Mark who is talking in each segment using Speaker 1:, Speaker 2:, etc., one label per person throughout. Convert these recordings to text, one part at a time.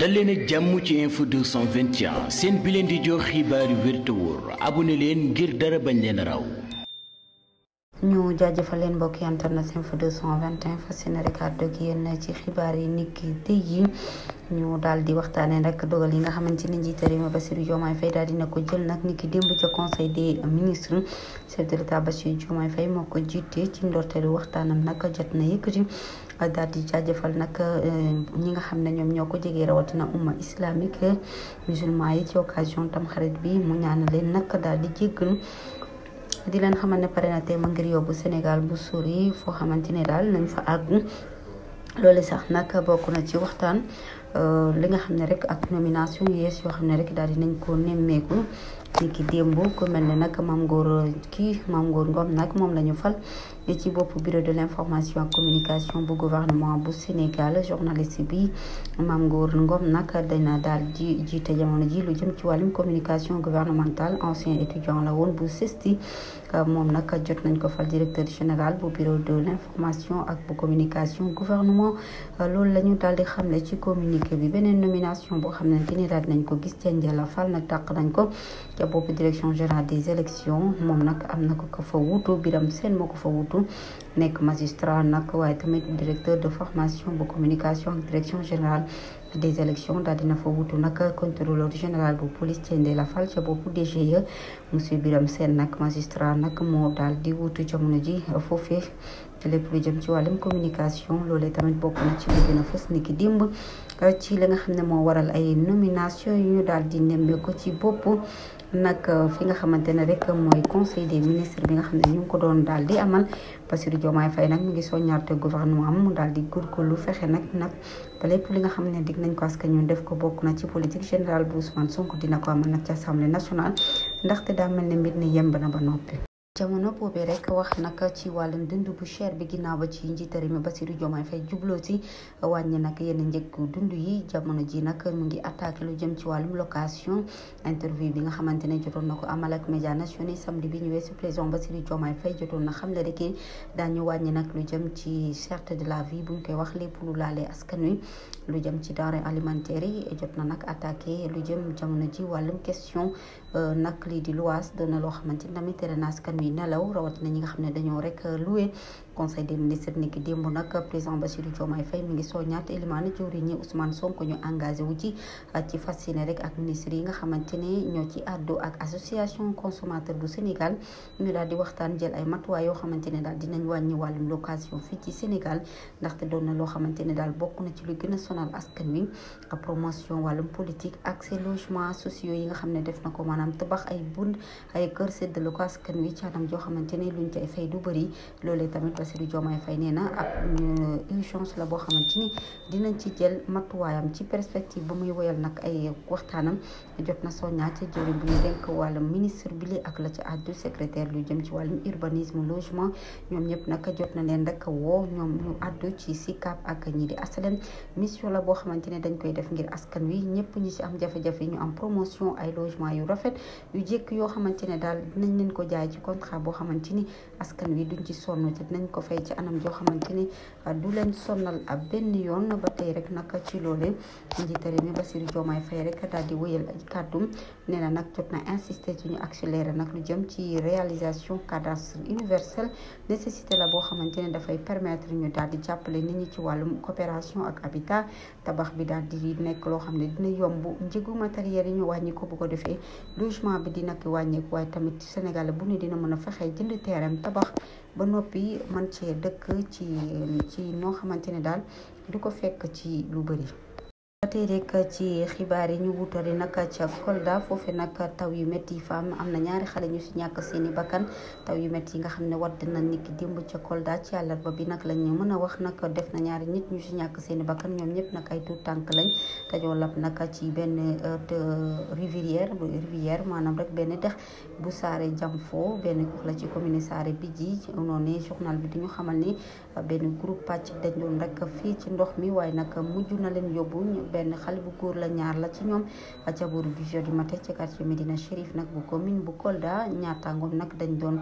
Speaker 1: dal leen ak jàmm ci info 221 seen bi leen di jox xibaar yu wér te wóor leen ngir dara bañ leen raw ñu jaajëfal leen mbokk yi internet info 221 fas yéene rek àddu ak yéen ci xibaar yi nit ki tey yi ñu daal di waxtaanee rek dogal yi nga xamante ni njiité réew mi Bassirou Diomaye Faye daal dina ko jël nag nit ki démb ca conseil des ministres chef de l'état Bassirou Diomaye Faye moo ko jiite ci ndorteelu waxtaanam nag jot na yëkkati daal di jaajëfal nag euh, ñi nga xam ne ñoom ñoo ko jege rawatina umma islamique musulman yi ci occasion tam xarit bi mu ñaana leen nag daal di jéggalu di leen xamal ne pare na tey ma ngir yóbbu Sénégal bu sori foo xamante ne daal nañ fa àgg loolu sax nag bokk na ci waxtaan euh, li nga xam ne rek ak nomination yees yoo xam ne rek daal di nañ ko nemmeeku. ni ki démb ku mel ne nag Mame Ngor kii Mame Ngor Ngom nag moom la ñu fal ci bopp bureau de l' information communication bu gouvernement bu Sénégal journaliste bi Mame Ngor Ngom nag dana daal ji jiite jamono ji lu jëm ci wàllum communication gouvernementale ancien étudiant la woon bu sesti moom nag jot nañ ko fal directeur général bu bureau de l' ak bu communication gouvernement loolu la ñu daal di xamle ci communiqué bi beneen nomination boo xamante ni daal nañ ko gis Dieng Diallo Fall nag nañ ko. ca direction générale des élections moom nag am na ko ko fa wutu biram seen moo ko fa wutu nekk magistrat nag waaye tamit directeur de formation bu communication direction générale des élections daal dina fa wutu nag contrôleur général bu police Thiendella Fall ca boppu DGE monsieur Birame Sène nag magistrat nag moo daal di wutu jamono ji foofee lépp lu jëm ci wàllum communication loolee tamit bokk na ci lu ci li nga xam ne moo waral ay nomination yu ñu daal di ko ci bopp nag fi nga xamante ne rek mooy conseil des ministres bi nga xam ne ñu ngi ko doon daal di amal Bassirou Diomaye fay nag mu ngi soññaate gouvernement am mu daal di góorgóorlu fexe nag nag ba lépp li nga xam ne dig nañ ko askan ñu def ko bokk na ci politique générale bu Ousmane dina ko amal nag ci assemblée nationale ndaxte daa mel ne mbir ni yemb na ba noppi. jamono boobee rek wax nag ci wàllum dund bu cher bi ginnaaw ba ci njiité réew mi Bassirou Diomaye Faye jubloo ci wàññi nag yenn njëgu dund yi jamono ji nag mu ngi attaqué lu jëm ci wàllum location interview bi nga xamante ne jotoon na ko amal ak média nationaux samedi bi ñu weesu président Bassirou Diomaye Faye jotoon na xam le rek daañu wàññi nag lu jëm ci cherté de la vie bu koy wax lépp lu laalee askan wi lu jëm ci denrée alimentaire yi jot na nag attaqué lu jëm jamono ji wàllum question euh, nag lii di luwaas doon na loo xamante ne tamit tere na askan ñuy nelaw rawatina ñi nga xam ne dañoo rek loué conseil des ministres ni ki démb nag président Bassirou Diomaye Faye mi ngi soññaat élimaane jawriñ ñi Ousmane Sonko ñu engagé wu ci ci fas yéene rek ak ministre yi nga xamante ne ñoo ci àddu ak association consommateur bu Sénégal ñu daal di waxtaan jël ay matuwaay yoo xamante ne daal dinañ wàññi wàllum location fii ci Sénégal ndaxte doon na loo xamante ne daal bokk na ci lu gën a sonal askan wi promotion wàllum politique accès logement sociaux yi nga xam ne def na ko maanaam tabax ay bund ay kër séddale kanam joo xamante ne luñ cay fay du bëri loolee tamit Bassirou Diomaye Faye nee na ab euh, urgence la boo xamante ni dinañ ci jël matuwaayam ci perspective ba muy woyal nag ay waxtaanam jot na soññaa ci jëriñ bu ñu ministre bi li ak la ci àddu secrétaire lu jëm ci wàll urbanisme logement ñoom ñëpp nag jot na leen rek woo ñoom ñu àddu ci SICAP ak ñi di asalem mission la boo xamante ne dañ koy def ngir askan wi ñëpp ñi ci am jafe-jafe ñu am promotion ay logement yu rafet yu jékk yoo xamante ne daal dinañ leen ko contrat boo xamante ni askan wi duñ ci sonn nañ dinañ ko fay ci anam joo xamante ni ah, du leen sonnal benn yoon ba tey rek nag ci loolee njiitare mi Bassirou Diomaye Faye rek daal di wéyal kàddum nee na nag jot na insister ci ñu nag lu jëm ci réalisation cadastre universel nécessité la boo xamante ne dafay permettre ñu daal di jàppale ni ñu ci wàllum coopération ak habitat tabax bi daal di nekk loo xam ne dina yomb njëgu matériel yi ñu wàññi bu ko defee logement na a fexe jënd teeram tabax ba noppi man cee dëkk ci ci noo xamante ne daal di ko fekk ci lu bëri ba rek ci xibaar yi ñu wutali nag ca Kolda foofu nag taw yu métti yi fa am am na ñaari xale ñu si ñàkk seeni i bakkan taw yu métti yi nga xam ne wadd na nit ki démb ca Kolda ci àllarba bi nag lañu mën a wax nag def na ñaari nit ñu si ñàkk seen i bakkan ñoom ñëpp nag ay tuut tànk lañ dañoo lab nag ci benn rivière rivière maanaam rek benn dex bu Saare Jamfo benn gox ci commune Saare bi ji noonu journal bi di xamal ni benn groupe pàcc dañ doon rek fii ci ndox mi waaye nag mujj na leen yóbbu. benn xale bu góor la ñaar la ci ñoom ca booru 10 heures du matin ci quartier Médina Chérif nag bu commune bu Kolda ñaar tàngoom nag dañ doon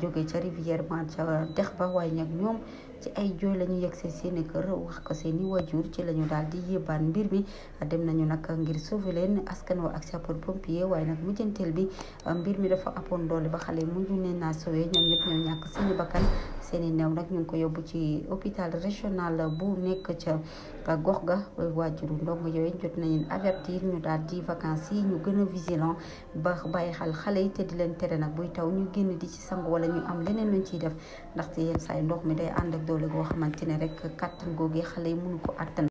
Speaker 1: jóge ca rivière ba ca dex ba waaye nag ñoom ci ay jooy la ñu yegsee seeni kër wax ko seeni wajur ci la ñu daal di yébaan mbir mi dem nañu nag ngir sauver leen askan wa ak sapeur pompier waaye nag mujjanteel bi mbir mi dafa apoon doole ba xale mujj ne naa sauver ñoom ñëpp ñoo ñàkk seeni bakkan seen i néew nag ñu ngi ko yóbbu ci hôpital régional bu nekk ca gox ga waajuru ndongo yooyu jot nañu avertir ñu daal di vacances yi ñu gën a vigilant ba bàyyi xal xale yi te di leen tere nag buy taw ñu génn di ci sangu wala ñu am leneen luñ ciy def ndaxte yenn saa ndox mi day ànd ak doole goo xamante ne rek kàttan googu xale yi munu ko àttan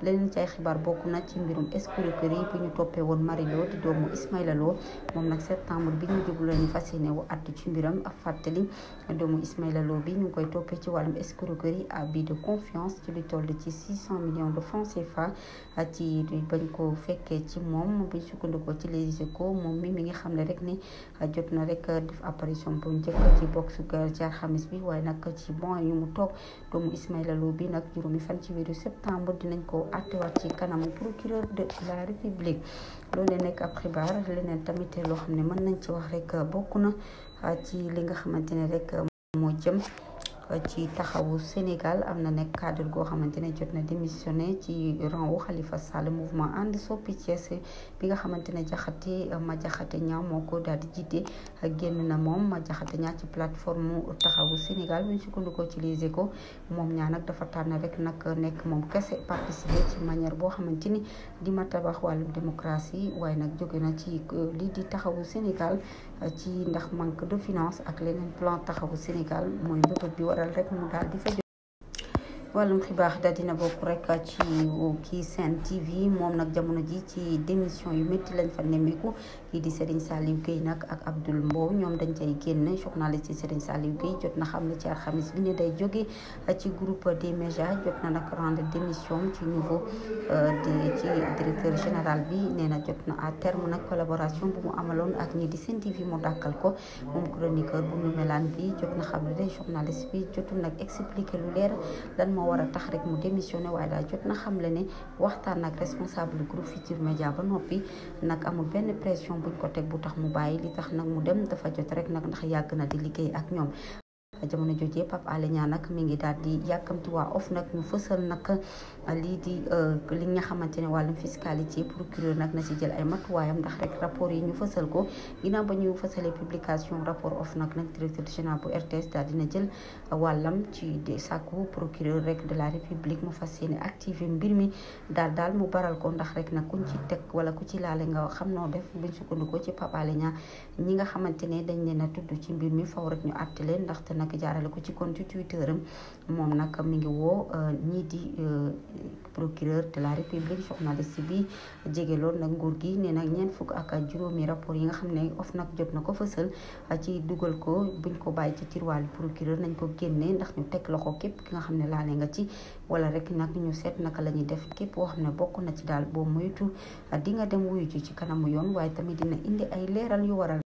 Speaker 1: leneen ci ay xibaar bokk na ci mbirum escroquerie bi ñu toppee woon Marilo di doomu Ismaïla Lo moom nag septembre bi ñu jublu lañu fas yéene wu àtt ci mbiram ak fàttali doomu Ismaïla Lo bi ñu ngi koy toppee ci wàllum escroquerie abus de confiance ci lu toll ci six cent millions de francs CFA ci bañ ko fekkee ci moom buñ ci Les Échos moom mi mi nga xam ne rek ni jot na rek def apparition bu njëkk ci box ci alxamis bi waaye nag ci bon yu mu toog doomu Ismaïla Lo bi nag juróomi fan ci weeru septembre nañ ko attewaat ci kanamu procureur de la république loolee nekk ab xibaar leneen tamit loo xam ne mën nañ ci wax rek bokk na ci li nga xamante ne rek moo jëm ci taxawu Sénégal am na nekk cadre goo xamante ne jot na démissionné ci rang wu Khalifa Sall mouvement ànd soppi Thiès bi nga xamante ne jaxate ma jaxate ñaaw moo ko daal di jiite génn na moom ma jaxate ñaaw ci plateforme taxawu Sénégal bu ñu sukkandikoo ci Les Échos moom ñaa nag dafa na rek nag nekk moom kese participer ci manière boo xamante ni di ma tabax wàllum démocratie waaye nag joge na ci euh, lii di taxawu Sénégal. ci ndax manque de finance ak leneen plan taxawu Sénégal mooy mbëbët bi waral rek mu daal di fa wàllum xibaar daal dina bokk rek ci kii Sen TV moom nag jamono ji ci démission yu métti lañ fa nemmeeku kii di Serigne Saliou Guèye nag ak Abdoul Mbow ñoom dañ cay génn journaliste ci Serigne Saliou Guèye jot na xam ne ci alxamis bi ne day jóge ah, ci groupe des médias jot na nag rendre démission ci niveau euh, de ci directeur général bi nee na jot na à terme nag collaboration bu mu amaloon ak ñi di Sen TV mu dàkkal ko moom chroniqueur bu mu melaan bi jot na xam ne journaliste bi jotul nag expliquer lu leer lan moo war a tax rek mu démissionné waaye daal jot na xam xamle ne waxtaan ak responsable groupe Futurs Médias ba noppi nag amul benn pression buñ ko teg bu tax mu bàyyi li tax nag mu dem dafa jot rek nag ndax yàgg na di liggéey ak ñoom Ah, jamono jojee Pape Alé Niang nag mi ngi daal di yàkkamti waa of nag ñu fësal nag ah, lii di ah, li nga xamante ne wàllum fiscalité procureur nag na si jël ay matuwaayam ndax rek rapport yi ñu fësal ko ginaa ba ñu fësalee publication rapport of nag nag directeur général bu RTS daal dina jël wàllam ci sàkku procureur rek de la république mu fas yéene activé mbir mi daal daal mu baral ko ndax rek nag kuñ ci teg wala ku ci laale nga xam noo def buñ sukkandikoo ci Pape Alé ñi nga xamante ne dañ leen a tudd ci mbir mi faw rek ñu àtte leen ndaxte nag jaarale ko ci compte Twitter am moom nag mi ngi woo euh, ñii di euh, procureur de la république si bi jege lool nag nguur gi nee nag ñeent fukk ak juróomi rapport yi nga xam ne of nag jot na ko fësal ci dugal ko buñ ko bàyyi ci tiroir procureur nañ ko génne ndax ñu teg loxo képp ki nga xam ne laale nga ci wala rek nag ñu seet naka la ñuy def képp koo xam ne bokk na ci daal boo moytu di nga dem wuyu ji ci kanamu yoon waaye tamit dina indi ay